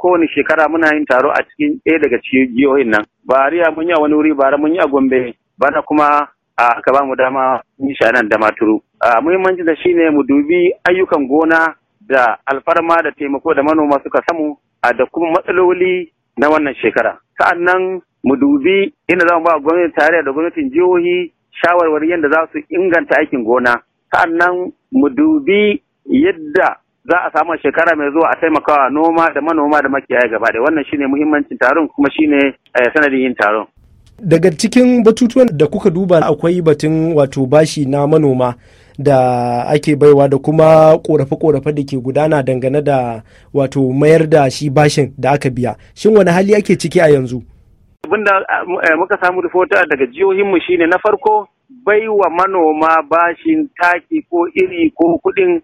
kowane shekara muna yin taro a cikin ɗaya daga cikin jihohin nan bariya mun yi a wani wuri bara mun yi a gombe bana kuma aka ba mu dama mun shi nan da maturu muhimmancin da shine mu dubi ayyukan gona da alfarma da taimako da manoma suka samu da kuma matsaloli na wannan shekara sa'annan mu dubi inda za mu ba gwamnati tare da gwamnatin jihohi shawarwari yadda za su inganta aikin gona sa'annan mu dubi yadda za a samu shekara mai zuwa a taimakawa noma da manoma da makiyaya gaba da wannan shine muhimmancin taron kuma shine eh, sanadin yin taron daga cikin batutuwan da kuka duba akwai batun wato bashi na manoma da ake baiwa da kuma korafe-korafe da ke gudana dangane da wato mayar da shi bashin da aka biya shin wani hali ake ciki a yanzu abin da eh, eh, muka samu rufota daga jihohinmu shine na farko baiwa manoma bashin taki ko iri ko kudin.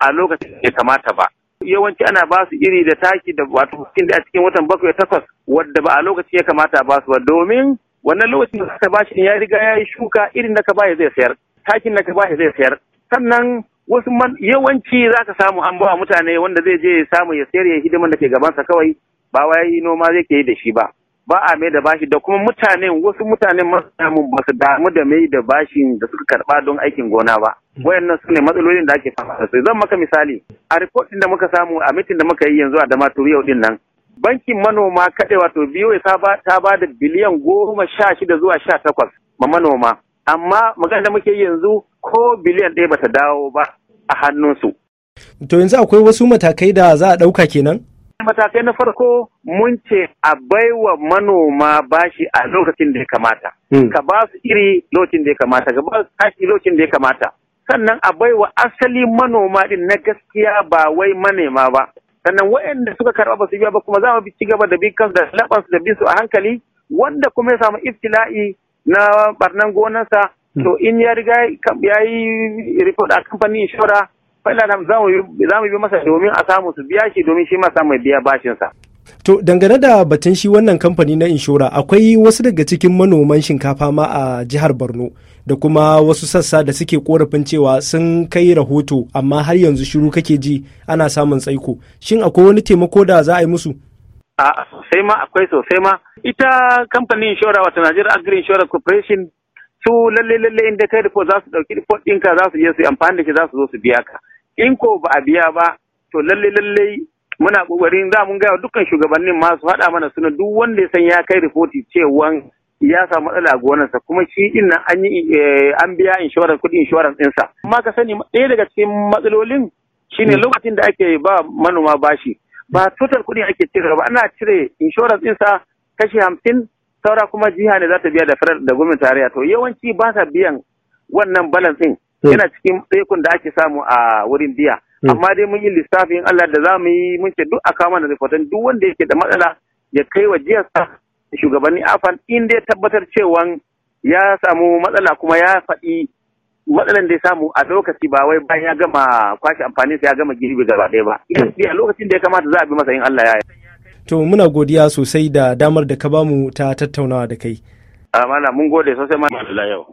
a lokacin da kamata ba yawanci ana ba su iri da taki da wato cikin da a cikin watan bakwai takwas wadda ba a lokacin ya kamata ba su ba domin wannan lokacin da ka bashi ya riga ya yi shuka irin da ka bashi zai sayar takin da ka bashi zai sayar sannan wasu man yawanci za ka samu an bawa mutane wanda zai je ya samu ya sayar ya hidiman da ke gabansa kawai ba wai noma zai ke yi da shi ba ba a mai da bashi da kuma mutanen wasu mutanen masu ba su damu da mai da bashin da suka karba don aikin gona ba hmm. wayannan su ne matsalolin da ake fama da zan maka misali a report da muka samu a mitin da muka yi yanzu a turu yau din nan bankin manoma kaɗai wato biyu ta ba da biliyan goma sha shida zuwa sha takwas ma manoma amma magana da muke yanzu ko biliyan ɗaya ba ta dawo ba a hannunsu. To yanzu akwai wasu matakai da za a ɗauka kenan? matakai na farko mun ce a baiwa manoma bashi a lokacin da ya kamata. Hmm. Ka ba su iri lokacin da ya kamata, ka ba su kashi lokacin da ya kamata. Sannan a baiwa asali manoma din na gaskiya ba wai manema ba. Sannan waɗanda suka karɓa ba su biya ba kuma za mu ci gaba da bin kansu da laɓansu da bi su a hankali wanda kuma ya samu iftila'i na ɓarnan gonarsa hmm. to in ya riga ya yi report a kamfanin inshora fallalam za mu bi masa domin a samu su biya shi domin shi ma samu biya bashinsa. To dangane da batun shi wannan kamfani na inshora akwai wasu daga cikin manoman shinkafa ma a jihar Borno da kuma wasu sassa da suke korafin cewa sun kai rahoto amma har yanzu shiru kake ji ana samun tsaiko. Shin akwai wani taimako da za a yi musu? A sosai ma akwai sosai ma. Ita kamfanin inshora wata Najeriya Agri Insurance Corporation su lalle lalle inda kai report za su ɗauki report ɗinka za su je su amfani da shi za su zo su biya ka. in ko ba a biya ba to lalle lalle muna kokarin za mun gaya dukkan shugabannin masu haɗa mana suna duk wanda ya san ya kai rifoti cewa ya samu matsala a gonarsa kuma shi din nan an yi eh, an biya inshorar kuɗi inshorar ɗinsa amma ka sani ɗaya daga cikin matsalolin shine hmm. lokacin da ake ba manoma bashi ba total kuɗi ake cire ba ana cire inshorar ɗinsa kashi hamsin saura kuma jiha ne za ta biya da da gwamnatin tarayya to yawanci ba sa biyan wannan balance ɗin Hmm. yana cikin tsaikon da ake samu a wurin biya hmm. amma dai mun yi lissafin Allah da za mu yi mun ce duk a kama da rifatan duk wanda yake da matsala ya kai wa jiyarsa shugabanni afan in dai tabbatar cewa ya samu matsala kuma ya faɗi matsalan da ya samu a lokaci ba wai bayan ya gama kwashe amfani sa ya gama girbi gaba ɗaya ba a hmm. lokacin da ya kamata za a bi masa in Allah ya yi to muna godiya sosai da damar da ka bamu ta tattaunawa da kai a ah, mun gode sosai ma yau